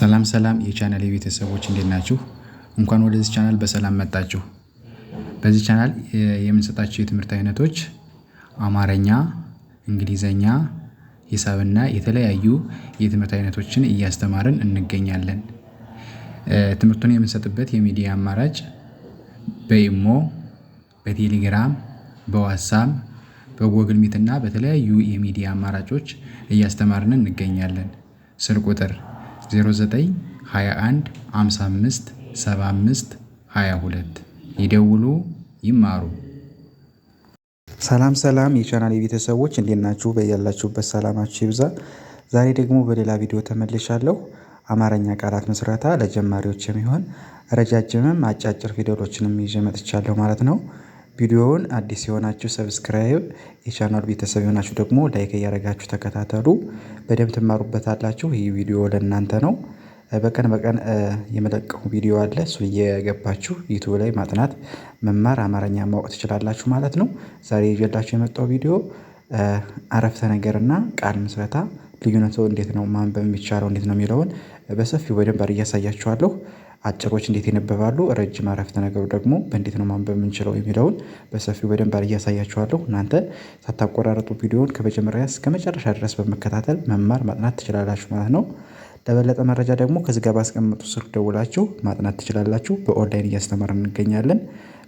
ሰላም ሰላም የቻናል የቤተሰቦች እንዴት ናችሁ? እንኳን ወደዚህ ቻናል በሰላም መጣችሁ። በዚህ ቻናል የምንሰጣቸው የትምህርት አይነቶች አማረኛ፣ እንግሊዘኛ፣ ሂሳብና የተለያዩ የትምህርት አይነቶችን እያስተማርን እንገኛለን። ትምህርቱን የምንሰጥበት የሚዲያ አማራጭ በኢሞ፣ በቴሌግራም፣ በዋትሳፕ፣ በጎግል ሚትና በተለያዩ የሚዲያ አማራጮች እያስተማርን እንገኛለን። ስልክ ቁጥር 09 21 55 75 22 ይደውሉ ይማሩ። ሰላም ሰላም የቻናል ቤተሰቦች እንዴት ናችሁ? በያላችሁበት ሰላማችሁ ይብዛ። ዛሬ ደግሞ በሌላ ቪዲዮ ተመልሻለሁ። አማርኛ ቃላት ምስረታ ለጀማሪዎች የሚሆን ረጃጅምም አጫጭር ፊደሎችንም ይዤ መጥቻለሁ ማለት ነው። ቪዲዮውን አዲስ የሆናችሁ ሰብስክራይብ፣ የቻናሉ ቤተሰብ የሆናችሁ ደግሞ ላይክ እያደረጋችሁ ተከታተሉ። በደንብ ትማሩበታላችሁ። ይህ ቪዲዮ ለእናንተ ነው። በቀን በቀን የመለቀቁ ቪዲዮ አለ። እሱ እየገባችሁ ዩቱብ ላይ ማጥናት፣ መማር፣ አማርኛ ማወቅ ትችላላችሁ ማለት ነው። ዛሬ ይዤላችሁ የመጣው ቪዲዮ አረፍተ ነገርና ቃል ምስረታ ልዩነቱ እንዴት ነው፣ ማንበብ የሚቻለው እንዴት ነው የሚለውን በሰፊው በደንብ አድርጌ አጭሮች እንዴት ይነበባሉ፣ ረጅም አረፍተ ነገሩ ደግሞ በእንዴት ነው ማንበብ የምንችለው የሚለውን በሰፊው በደንብ አድርጌ እናንተ ሳታቆራረጡ ቪዲዮውን ከመጀመሪያ እስከ መጨረሻ ድረስ በመከታተል መማር ማጥናት ትችላላችሁ ማለት ነው። ለበለጠ መረጃ ደግሞ ከዚህ ጋር ባስቀመጡ ስልክ ደውላችሁ ማጥናት ትችላላችሁ። በኦንላይን እያስተማርን እንገኛለን።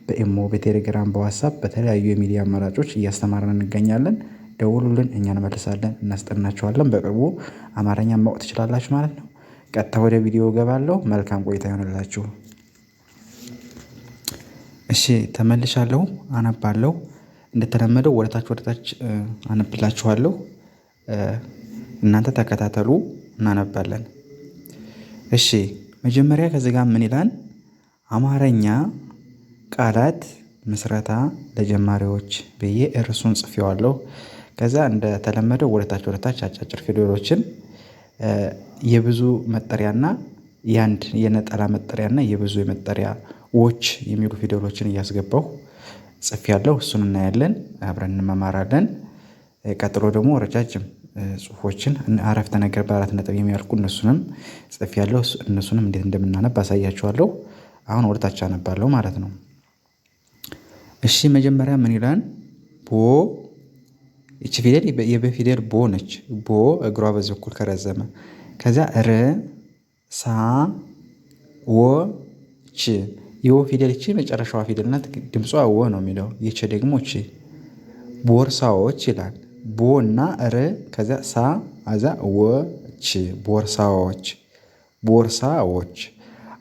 በኢሞ፣ በቴሌግራም፣ በዋትሳፕ በተለያዩ የሚዲያ አማራጮች እያስተማርን እንገኛለን። ደውሉልን፣ እኛ እንመልሳለን፣ እናስጠናችኋለን። በቅርቡ አማርኛ ማወቅ ትችላላችሁ ማለት ነው። ቀጥታ ወደ ቪዲዮ ገባለሁ መልካም ቆይታ ይሆንላችሁ። እሺ ተመልሻለሁ። አነባለሁ። እንደተለመደው ወደታች ወደታች አነብላችኋለሁ። እናንተ ተከታተሉ፣ እናነባለን። እሺ መጀመሪያ ከዚህ ጋር ምን ይላል? አማርኛ ቃላት ምስረታ ለጀማሪዎች ብዬ እርሱን ጽፌዋለሁ። ከዛ እንደተለመደው ወደታች ወደታች አጫጭር ፊደሎችን የብዙ መጠሪያና የአንድ የነጠላ መጠሪያና የብዙ ዎች የሚሉ ፊደሎችን እያስገባሁ ያለው እሱን እናያለን አብረን እንመማራለን። ቀጥሎ ደግሞ ረጃጅም ጽሁፎችን አረፍተ ነገር በአራት ነጥብ የሚያልቁ እነሱንም ያለው እነሱንም እንዴት እንደምናነብ አሳያችኋለሁ። አሁን ወደ አነባለሁ ማለት ነው። እሺ መጀመሪያ ምን ይላል? ቦ ይቺ ፊደል የበፊደል ፊደል ቦ ነች። ቦ እግሯ በዚህ በኩል ከረዘመ ከዚያ ር ሳ ወ ች የወ ፊደል ቺ መጨረሻዋ ፊደል ናት። ድምጿ ወ ነው የሚለው። ይቺ ደግሞ ቺ ቦርሳዎች ይላል። ቦ እና ር ከዚያ ሳ አዛ ወ ች ቦርሳዎች ቦርሳዎች።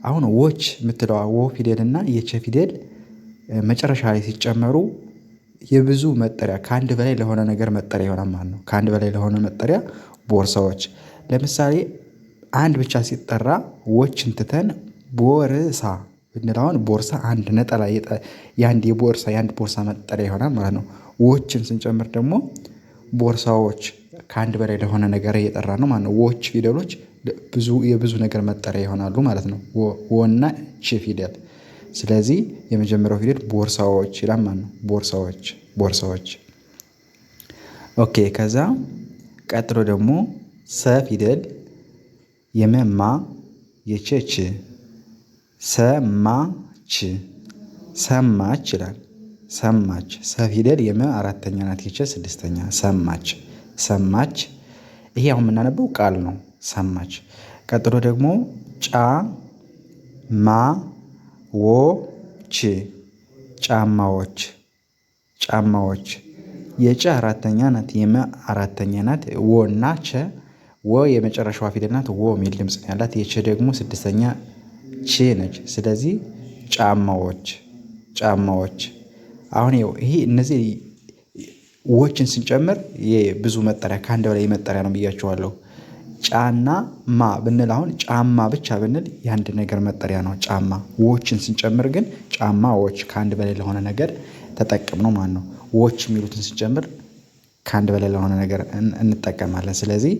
አሁን ዎች የምትለዋ ወ ፊደል እና ፊደል መጨረሻ ላይ ሲጨመሩ የብዙ መጠሪያ ከአንድ በላይ ለሆነ ነገር መጠሪያ ይሆናል ማለት ነው። ከአንድ በላይ ለሆነ መጠሪያ ቦርሳዎች ለምሳሌ አንድ ብቻ ሲጠራ ዎችን ትተን ቦርሳ ብንለውን ቦርሳ አንድ ነጠላ የአንድ የቦርሳ የአንድ ቦርሳ መጠሪያ ይሆናል ማለት ነው። ዎችን ስንጨምር ደግሞ ቦርሳዎች ከአንድ በላይ ለሆነ ነገር እየጠራ ነው ማለት ነው። ዎች ፊደሎች የብዙ ነገር መጠሪያ ይሆናሉ ማለት ነው። ወና ች ፊደል ስለዚህ የመጀመሪያው ፊደል ቦርሳዎች ይላል ማለት ነው። ቦርሳዎች ቦርሳዎች። ኦኬ ከዛ ቀጥሎ ደግሞ ሰ ፊደል የመማ የቸች ሰማች ሰማች ይላል። ሰማች ሰ ፊደል የመ አራተኛ ናት፣ የቸ ስድስተኛ። ሰማች ሰማች። ይሄ አሁን የምናነበው ቃል ነው። ሰማች። ቀጥሎ ደግሞ ጫ ማ ች ጫማዎች ጫማዎች የጨ አራተኛ ናት የመ አራተኛ ናት ወ እና ቸ ወ የመጨረሻዋ ፊደል ናት ወ የሚል ድምጽ ነው ያላት። የቸ ደግሞ ስድስተኛ ቺ ነች። ስለዚህ ጫማዎች ጫማዎች አሁን ይሄ እነዚህ ዎችን ስንጨምር የብዙ መጠሪያ ከአንድ በላይ መጠሪያ ነው ብያችኋለሁ። ጫና ማ ብንል አሁን ጫማ ብቻ ብንል የአንድ ነገር መጠሪያ ነው ጫማ ዎችን ስንጨምር ግን ጫማ ዎች ከአንድ በላይ ለሆነ ነገር ነው ማለት ነው ዎች የሚሉትን ስንጨምር ከአንድ በላይ ለሆነ ነገር እንጠቀማለን ስለዚህ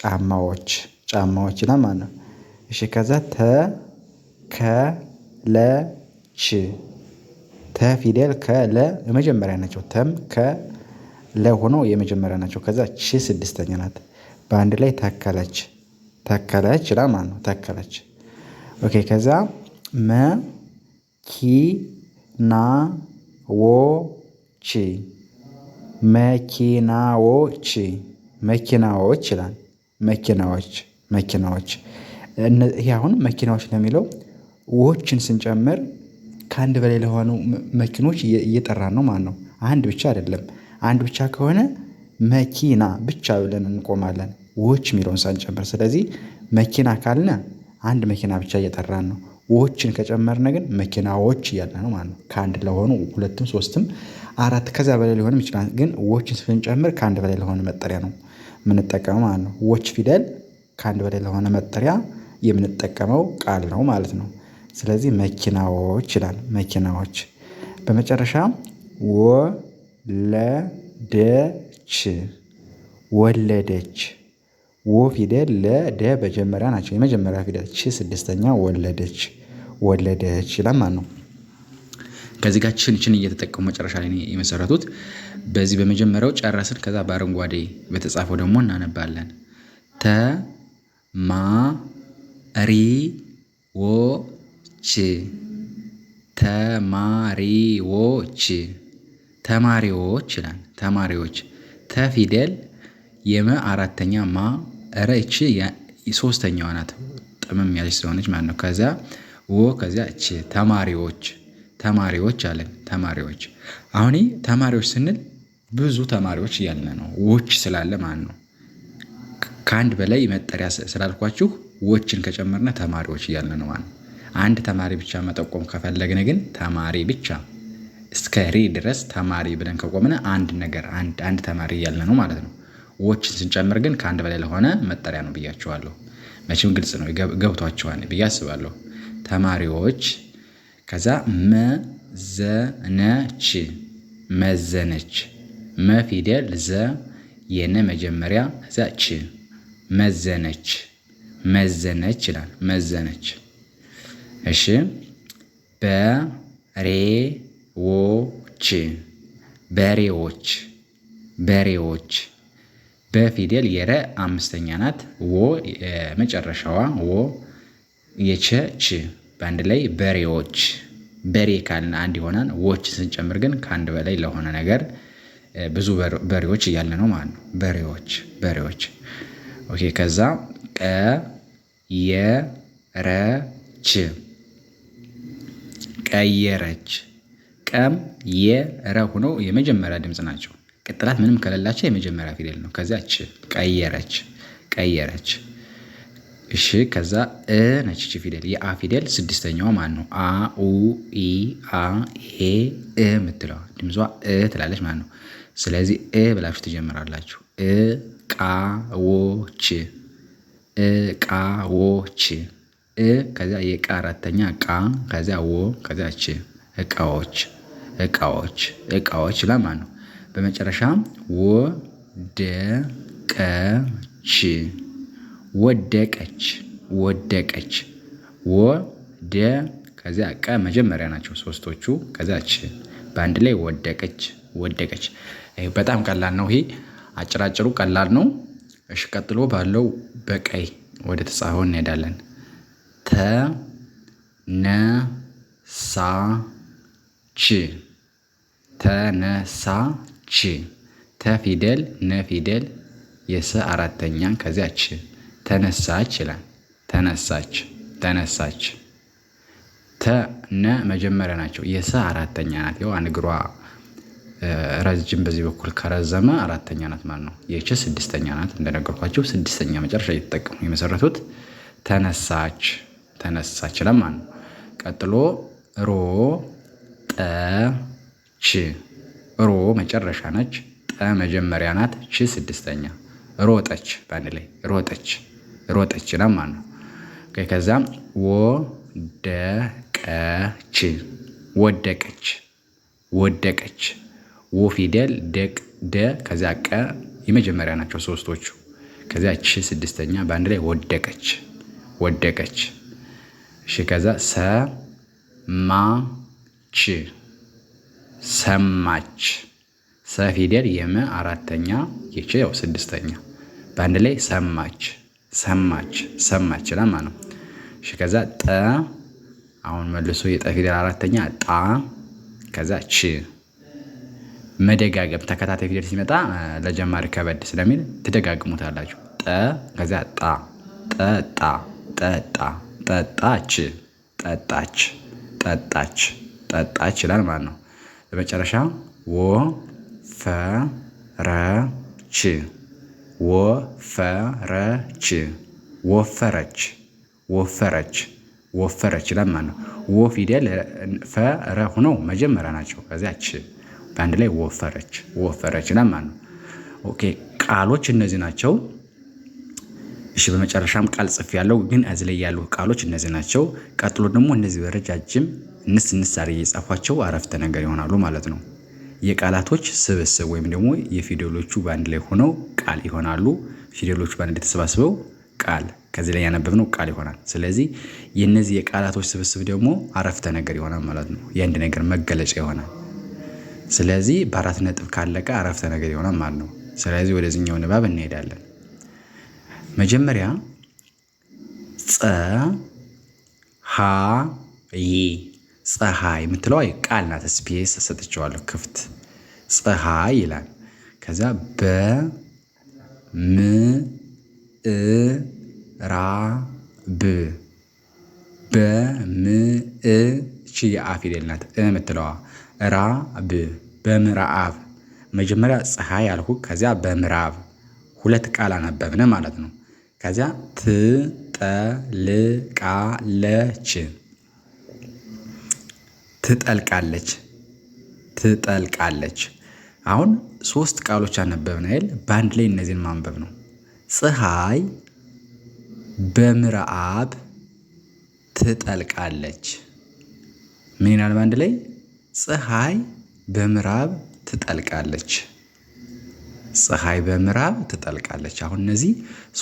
ጫማዎች ጫማዎች ይላል ማለት ነው። እሺ ከዛ ተ ከ ለ ች ተ ፊደል ከለ የመጀመሪያ ናቸው ተም ከ ለ ሆኖ የመጀመሪያ ናቸው ከዛ ች ስድስተኛ ናት በአንድ ላይ ተከለች ተከለች ይላል ማለት ነው። ታከለች ኦኬ። ከዛ ቺ መኪናዎች መኪናዎች ይላል መኪናዎች መኪናዎች ይህ አሁን መኪናዎች ለሚለው የሚለው ዎችን ስንጨምር ከአንድ በላይ ለሆኑ መኪኖች እየጠራን ነው ማለት ነው። አንድ ብቻ አይደለም። አንድ ብቻ ከሆነ መኪና ብቻ ብለን እንቆማለን ዎች የሚለውን ሳንጨምር። ስለዚህ መኪና ካልነ አንድ መኪና ብቻ እየጠራን ነው። ዎችን ከጨመርነ ግን መኪናዎች እያለ ነው ማለት ነው። ከአንድ ለሆኑ ሁለትም ሶስትም አራት ከዚያ በላይ ሊሆንም ይችላል። ግን ዎችን ስንጨምር ከአንድ በላይ ለሆነ መጠሪያ ነው የምንጠቀመው ማለት ነው። ዎች ፊደል ከአንድ በላይ ለሆነ መጠሪያ የምንጠቀመው ቃል ነው ማለት ነው። ስለዚህ መኪናዎች ይላል መኪናዎች በመጨረሻ ወ ለ ደች ወለደች ወ ፊደል ለደ መጀመሪያ ናቸው። የመጀመሪያ ፊደል ች ስድስተኛ ወለደች ወለደች ይላል ማለት ነው። ከዚህ ጋር ችን ችን እየተጠቀሙ መጨረሻ ላይ የመሰረቱት በዚህ በመጀመሪያው ጨረስን። ከዛ በአረንጓዴ በተጻፈው ደግሞ እናነባለን። ተ ማ ሪ ወ ች ተማሪዎች ተማሪዎች ይላል። ተማሪዎች ተፊደል የመ አራተኛ ማ ረ እቺ ሶስተኛዋ ናት። ጥምም ያለች ስለሆነች ማለት ነው። ከዚያ ወ ከዚያ እች ተማሪዎች ተማሪዎች አለን። ተማሪዎች አሁን ተማሪዎች ስንል ብዙ ተማሪዎች እያልን ነው። ዎች ስላለ ማለት ነው። ከአንድ በላይ መጠሪያ ስላልኳችሁ ዎችን ከጨመርነ ተማሪዎች እያልን ነው ማለት ነው። አንድ ተማሪ ብቻ መጠቆም ከፈለግን ግን ተማሪ ብቻ እስከ ሬ ድረስ ተማሪ ብለን ከቆምን አንድ ነገር አንድ ተማሪ እያለ ነው ማለት ነው። ዎችን ስንጨምር ግን ከአንድ በላይ ለሆነ መጠሪያ ነው ብያቸዋለሁ። መቼም ግልጽ ነው ገብቷቸዋል ብዬ አስባለሁ። ተማሪዎች ከዛ መዘነች መዘነች መፊደል ዘ የነ መጀመሪያ ዛ ች መዘነች መዘነች ይላል። መዘነች እሺ በሬ ዎች በሬዎች በሬዎች በፊደል የረ አምስተኛ ናት። ወ የመጨረሻዋ ዎ የቸች በአንድ ላይ በሬዎች በሬ ካልን አንድ ይሆናል። ዎች ስንጨምር ግን ከአንድ በላይ ለሆነ ነገር ብዙ በሬዎች እያለ ነው ማለት ነው። በሬዎች በሬዎች። ኦኬ ከዛ ቀ የረች ቀየረች ቀም የረ ሆነው የመጀመሪያ ድምፅ ናቸው። ቅጥላት ምንም ከሌላቸው የመጀመሪያ ፊደል ነው። ከዚያ ች ቀየረች ቀየረች። እሺ ከዛ እ ነች ች ፊደል የአ ፊደል ስድስተኛዋ ማን ነው? አ ኡ ኢ አ ኤ እ የምትለዋ ድምጿ እ ትላለች ማለት ነው። ስለዚህ እ ብላችሁ ትጀምራላችሁ። እ ቃ ወ ች እ ቃ ወ ች እ ከዚያ የቃ አራተኛ ቃ ከዚያ ወ ከዚያ ች እቃዎች እቃዎች እቃዎች ይላል ነው። በመጨረሻ ወደቀች ወደቀች ወደቀች ወደ ከዚያ ቀ መጀመሪያ ናቸው ሶስቶቹ ከዚያ በአንድ ላይ ወደቀች ወደቀች። በጣም ቀላል ነው ይሄ አጭራጭሩ ቀላል ነው። እሺ ቀጥሎ ባለው በቀይ ወደ ተጻፈው እንሄዳለን። ተነሳች ተነሳች ተ ፊደል የሰ አራተኛ ከዚያች ተነሳች ይላል። ተነሳች ተነሳች ተ ነ መጀመሪያ ናቸው። የሰ አራተኛ ናት። ያው አንድ እግሯ ረጅም በዚህ በኩል ከረዘመ አራተኛ ናት ማለት ነው። የች ስድስተኛ ናት። እንደነገርኳቸው ስድስተኛ መጨረሻ እየተጠቀሙ የመሰረቱት ተነሳች ተነሳች ለማን ነው። ቀጥሎ ሮ ጠ ች ሮ መጨረሻ ነች። ጠ መጀመሪያ ናት። ች ስድስተኛ ሮጠች። በአንድ ላይ ሮጠች ሮጠች ነው ማለት ነው። ቀ ወደቀች ወደቀች ወደቀች ወ ፊደል ደቅ ደ ከዚያ ቀ የመጀመሪያ ናቸው ሶስቶቹ። ከዚያ ች ስድስተኛ በአንድ ላይ ወደቀች ወደቀች። እሺ ከዛ ሰ ማ ች ሰማች። ሰ ፊደል የመ አራተኛ የቼ ያው ስድስተኛ በአንድ ላይ ሰማች ሰማች ሰማች ለማ ነው። እሺ ከዛ ጠ አሁን መልሶ የጠ ፊደል አራተኛ ጣ ከዛ ች መደጋገም ተከታታይ ፊደል ሲመጣ ለጀማሪ ከበድ ስለሚል ትደጋግሙታላችሁ። ጠ ከዛ ጣ ጠጣ ጠጣ ጠጣች ጠጣች ጠጣች ጠጣች ይላል ማለት ነው። በመጨረሻ ወ ፈ ረ ች ወፈረች ወፈረች ወፈረች ወፈረች ለማ ነው። ወ ፊደል ፈረ ሆነው መጀመሪያ ናቸው። ከዚያ ች በአንድ ላይ ወፈረች ወፈረች ለማ ነው። ኦኬ ቃሎች እነዚህ ናቸው። እሺ በመጨረሻም ቃል ጽፍ ያለው ግን እዚህ ላይ ያሉ ቃሎች እነዚህ ናቸው። ቀጥሎ ደግሞ እነዚህ በረጃጅም ንስ ንስ አድርጌ የጻፏቸው አረፍተ ነገር ይሆናሉ ማለት ነው። የቃላቶች ስብስብ ወይም ደግሞ የፊደሎቹ በአንድ ላይ ሆነው ቃል ይሆናሉ። ፊደሎቹ በአንድ ላይ ተሰባስበው ቃል ከዚህ ላይ ያነበብነው ቃል ይሆናል። ስለዚህ የእነዚህ የቃላቶች ስብስብ ደግሞ አረፍተ ነገር ይሆናል ማለት ነው። የአንድ ነገር መገለጫ ይሆናል። ስለዚህ በአራት ነጥብ ካለቀ አረፍተ ነገር ይሆናል ማለት ነው። ስለዚህ ወደዚህኛው ንባብ እንሄዳለን። መጀመሪያ ፀ ሀ ይ ፀሐይ የምትለዋ ቃል ናት። ስፔስ ሰጥቼዋለሁ ክፍት ፀሐይ ይላል። ከዛ በምዕራብ በምእች የአ ፊደል ናት የምትለዋ ራብ በምዕራብ መጀመሪያ ፀሐይ አልኩ። ከዚያ በምዕራብ ሁለት ቃል አነበብን ማለት ነው። ከዚያ ትጠልቃለች ትጠልቃለች ትጠልቃለች። አሁን ሶስት ቃሎች አነበብን አይደል? በአንድ ላይ እነዚህን ማንበብ ነው። ፀሐይ በምዕራብ ትጠልቃለች። ምን ይላል በአንድ ላይ? ፀሐይ በምዕራብ ትጠልቃለች። ፀሐይ በምዕራብ ትጠልቃለች። አሁን እነዚህ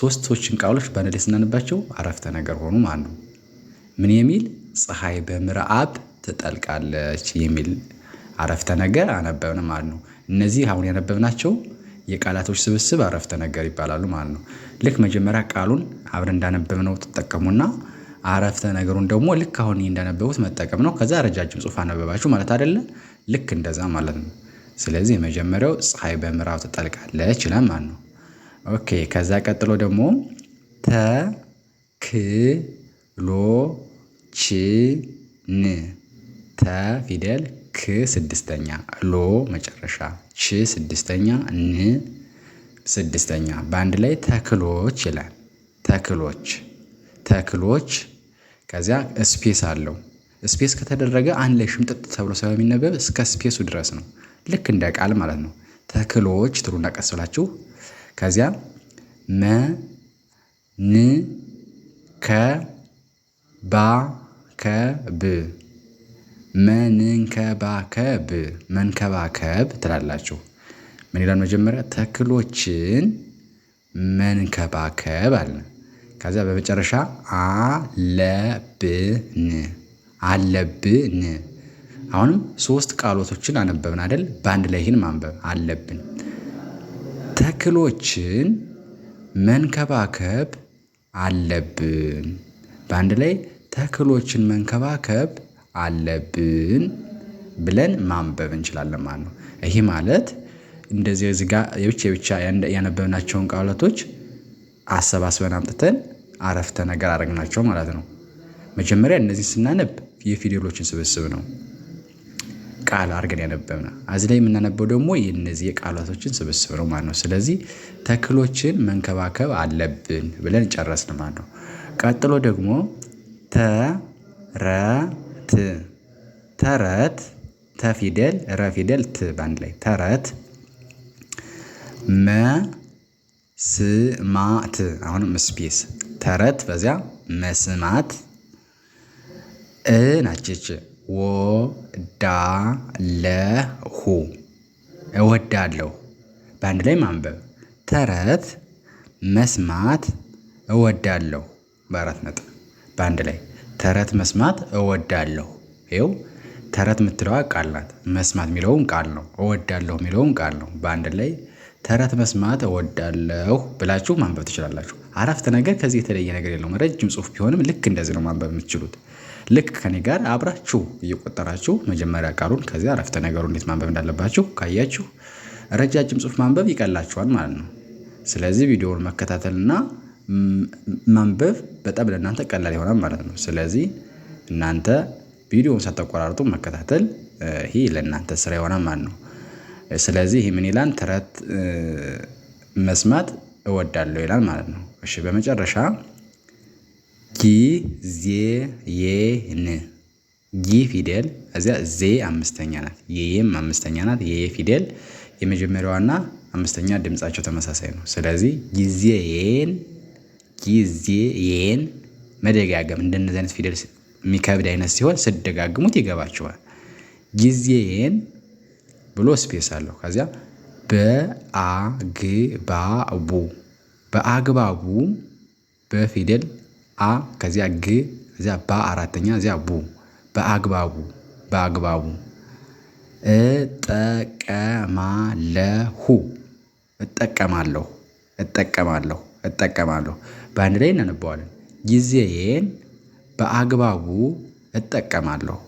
ሶስቶችን ቃሎች በአንድ ላይ ስናነባቸው አረፍተ ነገር ሆኑ ማለት ነው። ምን የሚል ፀሐይ በምዕራብ ትጠልቃለች የሚል አረፍተ ነገር አነበብን ማለት ነው። እነዚህ አሁን ያነበብናቸው የቃላቶች ስብስብ አረፍተ ነገር ይባላሉ ማለት ነው። ልክ መጀመሪያ ቃሉን አብረን እንዳነበብነው ትጠቀሙና አረፍተ ነገሩን ደግሞ ልክ አሁን እንዳነበቡት መጠቀም ነው። ከዛ ረጃጅም ጽሑፍ አነበባችሁ ማለት አይደለ? ልክ እንደዛ ማለት ነው። ስለዚህ የመጀመሪያው ፀሐይ በምዕራብ ትጠልቃለች ይላል ማለት ነው። ኦኬ። ከዛ ቀጥሎ ደግሞ ተክሎችን ተ ፊደል ክ ስድስተኛ ሎ መጨረሻ ች ስድስተኛ ን ስድስተኛ በአንድ ላይ ተክሎች ይላል። ተክሎች ተክሎች ከዚያ ስፔስ አለው። ስፔስ ከተደረገ አንድ ላይ ሽምጥጥ ተብሎ ስለሚነበብ እስከ ስፔሱ ድረስ ነው። ልክ እንደ ቃል ማለት ነው። ተክሎች ትሉና ቀስ ብላችሁ ከዚያ መ ን ከ ባ ከ ብ መንንከባከብ መንከባከብ ትላላችሁ። ምን ይላል? መጀመሪያ ተክሎችን መንከባከብ አለ። ከዚያ በመጨረሻ አለብን አለብን። አሁንም ሶስት ቃሎቶችን አነበብን አይደል? በአንድ ላይ ይህን ማንበብ አለብን። ተክሎችን መንከባከብ አለብን። በአንድ ላይ ተክሎችን መንከባከብ አለብን ብለን ማንበብ እንችላለን ማለት ነው። ይሄ ማለት እንደዚህ እዚህ የብቻ የብቻ ያነበብናቸውን ቃላቶች አሰባስበን አምጥተን አረፍተ ነገር አደረግናቸው ማለት ነው። መጀመሪያ እነዚህን ስናነብ የፊደሎችን ስብስብ ነው ቃል አድርገን ያነበብና እዚህ ላይ የምናነበው ደግሞ የነዚህ የቃላቶችን ስብስብ ነው ማለት ነው። ስለዚህ ተክሎችን መንከባከብ አለብን ብለን ጨረስን ማለት ነው። ቀጥሎ ደግሞ ተረ ተረት ተረት ተፊደል ረፊደል ት በአንድ ላይ ተረት መስማት አሁንም ስፔስ ተረት በዚያ መስማት እ ናቸች ወዳለሁ እወዳለሁ በአንድ ላይ ማንበብ ተረት መስማት እወዳለሁ በአራት ነጥብ በአንድ ላይ ተረት መስማት እወዳለሁ ይኸው ተረት የምትለዋ ቃል ናት መስማት የሚለውም ቃል ነው እወዳለሁ የሚለውም ቃል ነው በአንድ ላይ ተረት መስማት እወዳለሁ ብላችሁ ማንበብ ትችላላችሁ። አረፍተ ነገር ከዚህ የተለየ ነገር የለውም። ረጅም ጽሁፍ ቢሆንም ልክ እንደዚህ ነው ማንበብ የምትችሉት። ልክ ከኔ ጋር አብራችሁ እየቆጠራችሁ መጀመሪያ ቃሉን ከዚያ አረፍተ ነገሩ እንዴት ማንበብ እንዳለባችሁ ካያችሁ ረጃጅም ጽሁፍ ማንበብ ይቀላችኋል ማለት ነው። ስለዚህ ቪዲዮውን መከታተልና ማንበብ በጣም ለእናንተ ቀላል ይሆናል ማለት ነው። ስለዚህ እናንተ ቪዲዮውን ሳታቆራርጡ መከታተል ይሄ ለእናንተ ስራ ይሆናል ማለት ነው። ስለዚህ ይህ ምን ይላል ተረት መስማት እወዳለሁ ይላል ማለት ነው። እሺ በመጨረሻ ጊዜዬን ጊ ፊደል እዚያ ዜ አምስተኛ ናት የየም አምስተኛ ናት የየ ፊደል የመጀመሪያዋና አምስተኛ ድምፃቸው ተመሳሳይ ነው። ስለዚህ ጊዜዬን ጊዜዬን መደጋገም እንደነዚህ አይነት ፊደል የሚከብድ አይነት ሲሆን ስደጋግሙት ይገባችኋል። ጊዜዬን ብሎ ስፔስ አለው። ከዚያ በአግባቡ በአግባቡ በፊደል አ ከዚያ ግ እዚያ ባ አራተኛ እዚያ ቡ በአግባቡ በአግባቡ እጠቀማለሁ እጠቀማለሁ እጠቀማለሁ እጠቀማለሁ በአንድ ላይ እናነበዋለን ጊዜዬን በአግባቡ እጠቀማለሁ።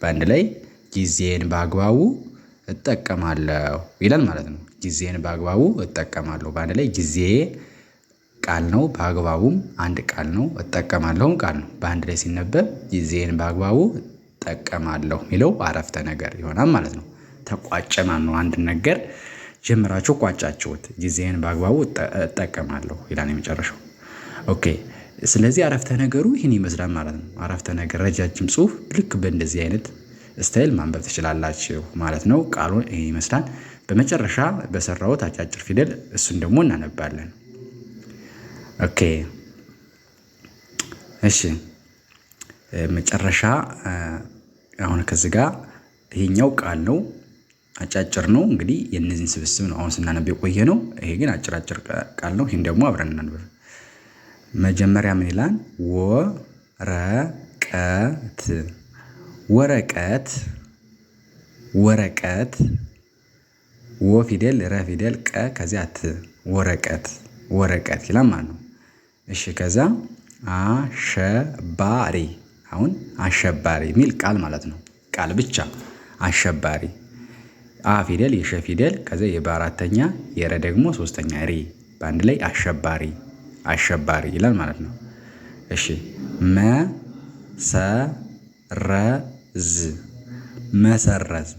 በአንድ ላይ ጊዜን በአግባቡ እጠቀማለሁ ይላል ማለት ነው። ጊዜን በአግባቡ እጠቀማለሁ በአንድ ላይ ጊዜ ቃል ነው። በአግባቡም አንድ ቃል ነው። እጠቀማለሁም ቃል ነው። በአንድ ላይ ሲነበብ ጊዜን በአግባቡ እጠቀማለሁ የሚለው አረፍተ ነገር ይሆናል ማለት ነው። ተቋጨ ማ ነው። አንድ ነገር ጀምራችሁ ቋጫችሁት። ጊዜን በአግባቡ እጠቀማለሁ ይላል የመጨረሻው። ኦኬ ስለዚህ አረፍተ ነገሩ ይህን ይመስላል ማለት ነው። አረፍተ ነገር ረጃጅም ጽሁፍ ልክ በእንደዚህ አይነት ስታይል ማንበብ ትችላላችሁ ማለት ነው። ቃሉን ይህን ይመስላል። በመጨረሻ በሰራሁት አጫጭር ፊደል እሱን ደግሞ እናነባለን። ኦኬ እሺ መጨረሻ አሁን ከዚህ ጋር ይሄኛው ቃል ነው፣ አጫጭር ነው። እንግዲህ የእነዚህን ስብስብ ነው አሁን ስናነብ የቆየ ነው። ይሄ ግን አጭር አጭር ቃል ነው። ይህን ደግሞ አብረን እናንብብ። መጀመሪያ ምን ይላል? ወረቀት ወረቀት ወረቀት ወ ፊደል ረ ፊደል ቀ ከዚያ ት ወረቀት ወረቀት ይላል ማለት ነው። እሺ ከዛ አሸባሪ አሁን አሸባሪ የሚል ቃል ማለት ነው። ቃል ብቻ አሸባሪ አ ፊደል የሸ ፊደል ከዚያ የበአራተኛ የረ ደግሞ ሶስተኛ ሪ በአንድ ላይ አሸባሪ አሸባሪ ይላል ማለት ነው። እሺ መሰረዝ መሰረዝ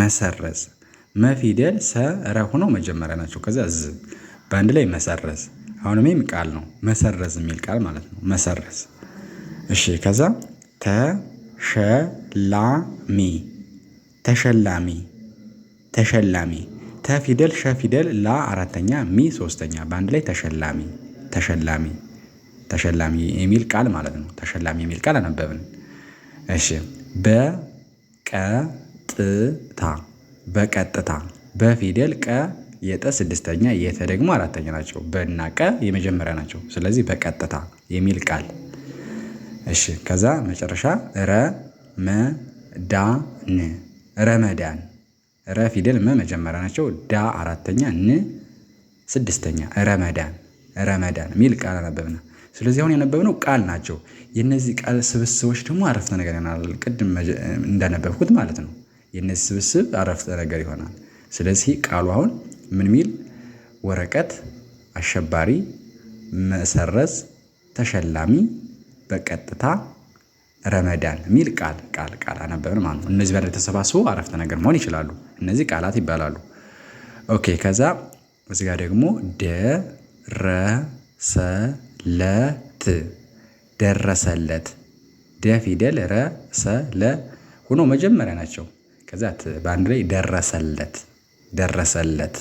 መሰረዝ መፊደል ሰረ ሆኖ መጀመሪያ ናቸው። ከዚያ ዝ በአንድ ላይ መሰረዝ። አሁንም ይህም ቃል ነው መሰረዝ የሚል ቃል ማለት ነው። መሰረዝ። እሺ ከዛ ተሸላሚ ተሸላሚ ተሸላሚ ተፊደል ሸፊደል ላ አራተኛ ሚ ሶስተኛ በአንድ ላይ ተሸላሚ ተሸላሚ ተሸላሚ የሚል ቃል ማለት ነው። ተሸላሚ የሚል ቃል አነበብን። እሺ በቀጥታ በቀጥታ በፊደል ቀ የጠ ስድስተኛ የተ ደግሞ አራተኛ ናቸው። በና ቀ የመጀመሪያ ናቸው። ስለዚህ በቀጥታ የሚል ቃል እሺ። ከዛ መጨረሻ ረመዳን ረመዳን ረ ፊደል መ መጀመሪያ ናቸው። ዳ አራተኛ፣ ን ስድስተኛ። ረመዳን ረመዳን የሚል ቃል አነበብና ስለዚህ አሁን ያነበብነው ቃል ናቸው። የእነዚህ ቃል ስብስቦች ደግሞ አረፍተ ነገር ይሆናል። ቅድም እንዳነበብኩት ማለት ነው። የእነዚህ ስብስብ አረፍተ ነገር ይሆናል። ስለዚህ ቃሉ አሁን ምን ሚል ወረቀት፣ አሸባሪ፣ መሰረዝ፣ ተሸላሚ፣ በቀጥታ ረመዳን የሚል ቃል ቃል ቃል አነበብን ማለት ነው። እነዚህ በላይ ተሰባስቦ አረፍተ ነገር መሆን ይችላሉ። እነዚህ ቃላት ይባላሉ። ኦኬ ከዛ እዚ ጋር ደግሞ ደረሰለት ደረሰለት ደ ፊደል ረሰለ ሆኖ መጀመሪያ ናቸው። ከዛ በአንድ ላይ ደረሰለት ደረሰለት።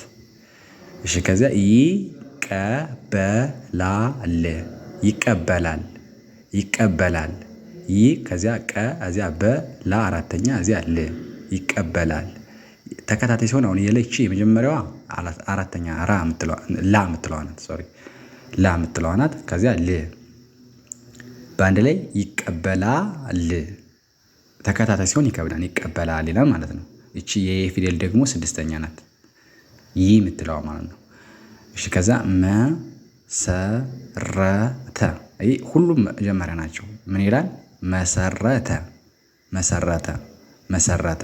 እሺ ከዚያ ይቀበላል ይቀበላል ይቀበላል ይ ከዚያ ቀ እዚያ በ ላ አራተኛ እዚያ ል ይቀበላል። ተከታታይ ሲሆን አሁን የለች የመጀመሪያዋ አራተኛ ራ ላ የምትለዋ ናት። ሶሪ ላ የምትለዋ ናት። ከዚያ ል በአንድ ላይ ይቀበላል። ተከታታይ ሲሆን ይከብዳል ይቀበላል ይላል ማለት ነው። እቺ የየ ፊደል ደግሞ ስድስተኛ ናት። ይህ የምትለዋ ማለት ነው። እሺ ከዛ መ መሰረተ ሁሉም መጀመሪያ ናቸው። ምን ይላል? መሰረተ መሰረተ መሰረተ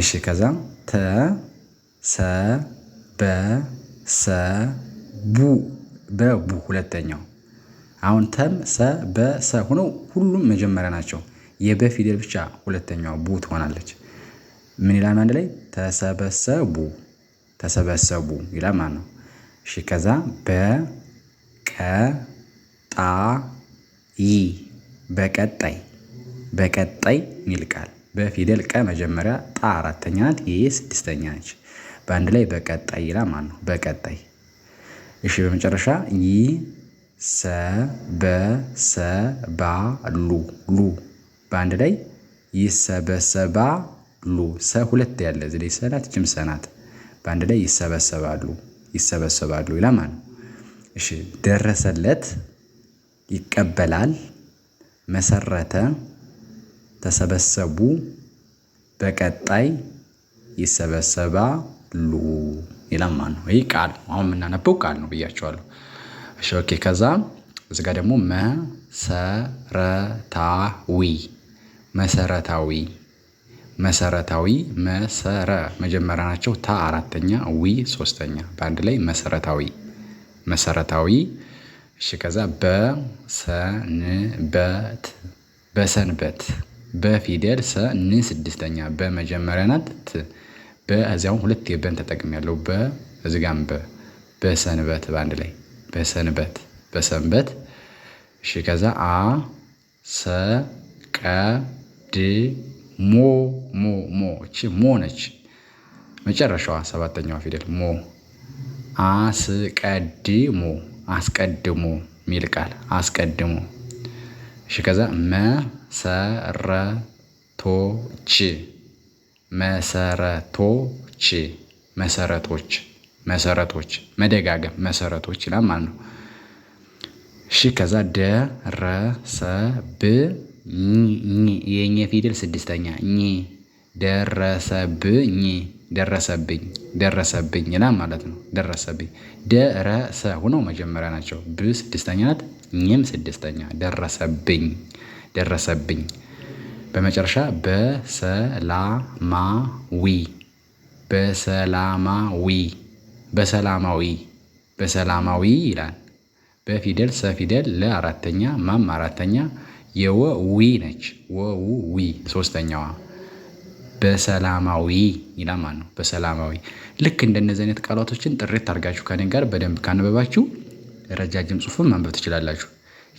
እሺ ከዛ ተ ሰ በ ሰ ቡ በቡ ሁለተኛው አሁን ተም ሰ በ ሰ ሆነው ሁሉም መጀመሪያ ናቸው። የበ ፊደል ብቻ ሁለተኛው ቡ ትሆናለች። ምን ይላል አንድ ላይ ተሰበሰቡ ተሰበሰቡ ይላል ማለት ነው። እሺ ከዛ በ ቀ ጣ ይ በቀጣይ በቀጣይ የሚል ቃል በፊደል ቀ መጀመሪያ ጣ አራተኛ ናት። ይህ ስድስተኛ ነች። በአንድ ላይ በቀጣይ ይላ ማለት ነው። በቀጣይ እሺ። በመጨረሻ ይ ሰ ሰ በ ባ ሉ ሉ በአንድ ላይ ይሰበሰባሉ። ሰ ሁለት ያለ እዚህ ላይ ሰናት ጅም ሰናት በአንድ ላይ ይሰበሰባሉ ይሰበሰባሉ ይላ ማለት ነው። እሺ። ደረሰለት ይቀበላል መሰረተ ተሰበሰቡ በቀጣይ ይሰበሰባሉ ይላል ማለት ነው። ይህ ቃል አሁን የምናነበው ቃል ነው ብያቸዋለሁ። እሺ ኦኬ። ከዛ እዚህ ጋር ደግሞ መሰረታዊ መሰረታዊ መሰረታዊ መሰረ መጀመሪያ ናቸው ታ አራተኛ ዊ ሶስተኛ በአንድ ላይ መሰረታዊ መሰረታዊ እሺ ከዛ በሰንበት በሰንበት በፊደል ሰ ን ስድስተኛ በመጀመሪያ ናት ት በዚያው ሁለት የበን ተጠቅም ያለው በ እዚጋም በ በሰንበት በአንድ ላይ በሰንበት በሰንበት እሺ ከዛ አ ሰ ቀ ድ ሞ ሞ ሞ እቺ ሞ ነች መጨረሻዋ ሰባተኛዋ ፊደል ሞ አስቀድሞ አስቀድሙ ሚል ቃል አስቀድሙ። እሺ ከዛ መሰረቶች መሰረቶች መሰረቶች መሰረቶች መደጋገም መሰረቶች ይላል ማለት ነው። እሺ ከዛ ደረሰብኝ የኘ ፊደል ስድስተኛ ኝ ደረሰብኝ ደረሰብኝ ደረሰብኝ ይላል ማለት ነው። ደረሰብኝ ደረሰ ሁነው መጀመሪያ ናቸው። ብ ስድስተኛ ናት፣ ኝም ስድስተኛ። ደረሰብኝ ደረሰብኝ። በመጨረሻ በሰላማዊ በሰላማዊ በሰላማዊ በሰላማዊ ይላል። በፊደል ሰፊደል ለአራተኛ ማም አራተኛ የወዊ ነች። ወው ዊ ሶስተኛዋ በሰላማዊ ይላል ማለት ነው። በሰላማዊ ልክ እንደነዚህ አይነት ቃላቶችን ጥሬት አድርጋችሁ ከኔ ጋር በደንብ ካነበባችሁ ረጃጅም ጽሁፍን ማንበብ ትችላላችሁ።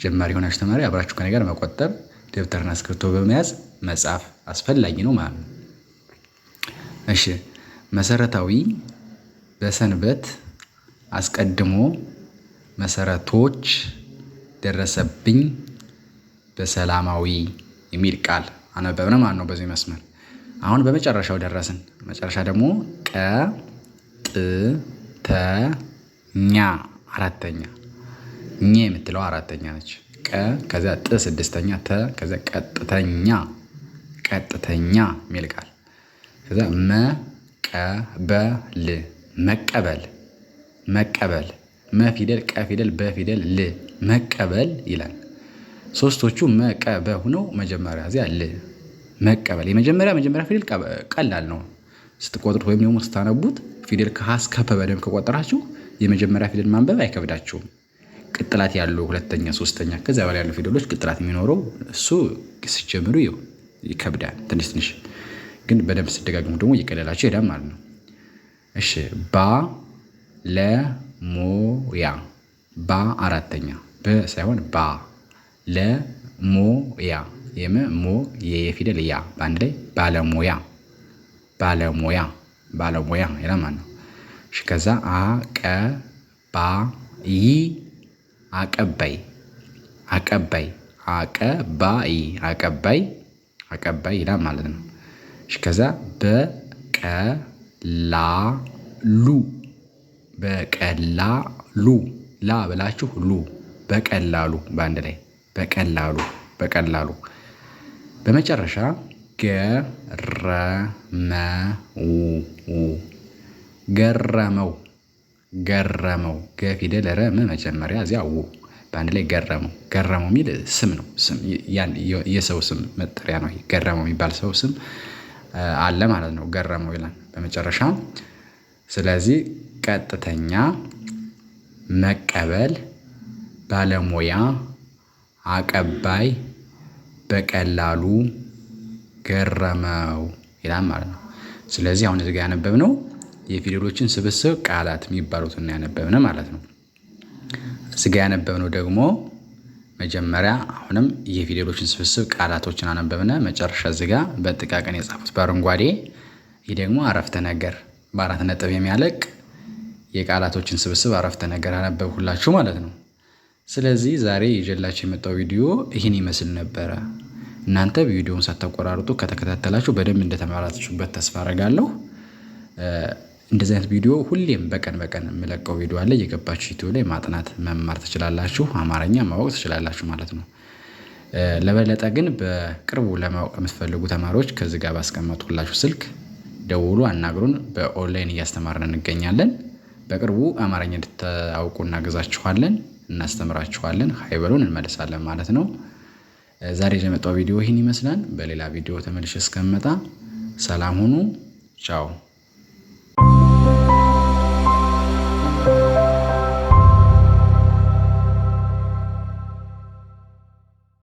ጀማሪ የሆናችሁ ተማሪ አብራችሁ ከኔ ጋር መቆጠብ፣ ደብተርና እስክሪብቶ በመያዝ መጻፍ አስፈላጊ ነው ማለት ነው። እሺ መሰረታዊ፣ በሰንበት፣ አስቀድሞ፣ መሰረቶች፣ ደረሰብኝ፣ በሰላማዊ የሚል ቃል አነበብነ ማለት ነው በዚህ መስመር አሁን በመጨረሻው ደረስን። መጨረሻ ደግሞ ቀ ጥ ተ ኛ አራተኛ ኘ የምትለው አራተኛ ነች። ቀ ከዚያ ጥ ስድስተኛ ተ ከዚያ ቀጥተኛ ቀጥተኛ የሚል ቃል መ ቀ በ ል መቀበል መቀበል መ ፊደል ቀ ፊደል በ ፊደል ል መቀበል ይላል። ሶስቶቹ መ ቀ በ ሁነው መጀመሪያ እዚያ ል መቀበል የመጀመሪያ መጀመሪያ ፊደል ቀላል ነው። ስትቆጥሩት ወይም ደግሞ ስታነቡት ፊደል ከሀ እስከ ፐ በደንብ ከቆጠራችሁ የመጀመሪያ ፊደል ማንበብ አይከብዳችሁም። ቅጥላት ያለው ሁለተኛ፣ ሶስተኛ ከዚያ በላይ ያሉ ፊደሎች ቅጥላት የሚኖረው እሱ ሲጀምሩ ይከብዳል ትንሽ ትንሽ፣ ግን በደንብ ስደጋግሙ ደግሞ እየቀለላቸው ይሄዳል ማለት ነው። እሺ ባ ለሞያ ባ አራተኛ በ ሳይሆን ባ ለሞያ የም ሞ የየ ያ በአንድ ላይ ባለሙያ ባለሙያ ባለሙያ ይላል ነው። እሺ ከዛ አ ቀ ባ ይ አቀባይ አቀባይ አቀ ባ ይ አቀባይ አቀባይ ይላል ማለት ነው። እሺ ከዛ በ ቀ ላ ሉ በቀላ ሉ ላ ብላችሁ ሉ በቀላሉ በአንድ ላይ በቀላሉ በቀላሉ በመጨረሻ ገረመው ገረመው ገረመው ገፊደል ረመ መጀመሪያ እዚያ ው በአንድ ላይ ገረመው። ገረመው የሚል ስም ነው። ስም የሰው ስም መጠሪያ ነው። ገረመው የሚባል ሰው ስም አለ ማለት ነው። ገረመው ይላል በመጨረሻ። ስለዚህ ቀጥተኛ፣ መቀበል፣ ባለሙያ፣ አቀባይ በቀላሉ ገረመው ይላል ማለት ነው። ስለዚህ አሁን እዚህ ያነበብ ያነበብነው የፊደሎችን ስብስብ ቃላት የሚባሉትን ያነበብነ ማለት ነው። እዚህ ያነበብነው ደግሞ መጀመሪያ አሁንም የፊደሎችን ስብስብ ቃላቶችን አነበብነ። መጨረሻ እዚህ በጥቃቅን የጻፉት በአረንጓዴ ይህ ደግሞ አረፍተ ነገር በአራት ነጥብ የሚያለቅ የቃላቶችን ስብስብ አረፍተ ነገር ሁላችሁ ማለት ነው። ስለዚህ ዛሬ የጀላች የመጣው ቪዲዮ ይህን ይመስል ነበረ። እናንተ ቪዲዮውን ሳታቆራርጡ ከተከታተላችሁ በደንብ እንደተማራችሁበት ተስፋ አረጋለሁ። እንደዚህ አይነት ቪዲዮ ሁሌም በቀን በቀን የምለቀው ቪዲዮ አለ። የገባችሁ ዩቲዩብ ላይ ማጥናት መማር ትችላላችሁ። አማርኛ ማወቅ ትችላላችሁ ማለት ነው። ለበለጠ ግን በቅርቡ ለማወቅ የምትፈልጉ ተማሪዎች ከዚህ ጋር ባስቀመጥኩላችሁ ስልክ ደውሉ፣ አናግሩን። በኦንላይን እያስተማርን እንገኛለን። በቅርቡ አማርኛ እንድታውቁ እናገዛችኋለን። እናስተምራችኋለን። ሀይ በሉን እንመልሳለን ማለት ነው። ዛሬ የመጣው ቪዲዮ ይህን ይመስላል። በሌላ ቪዲዮ ተመልሼ እስከምመጣ ሰላም ሁኑ። ቻው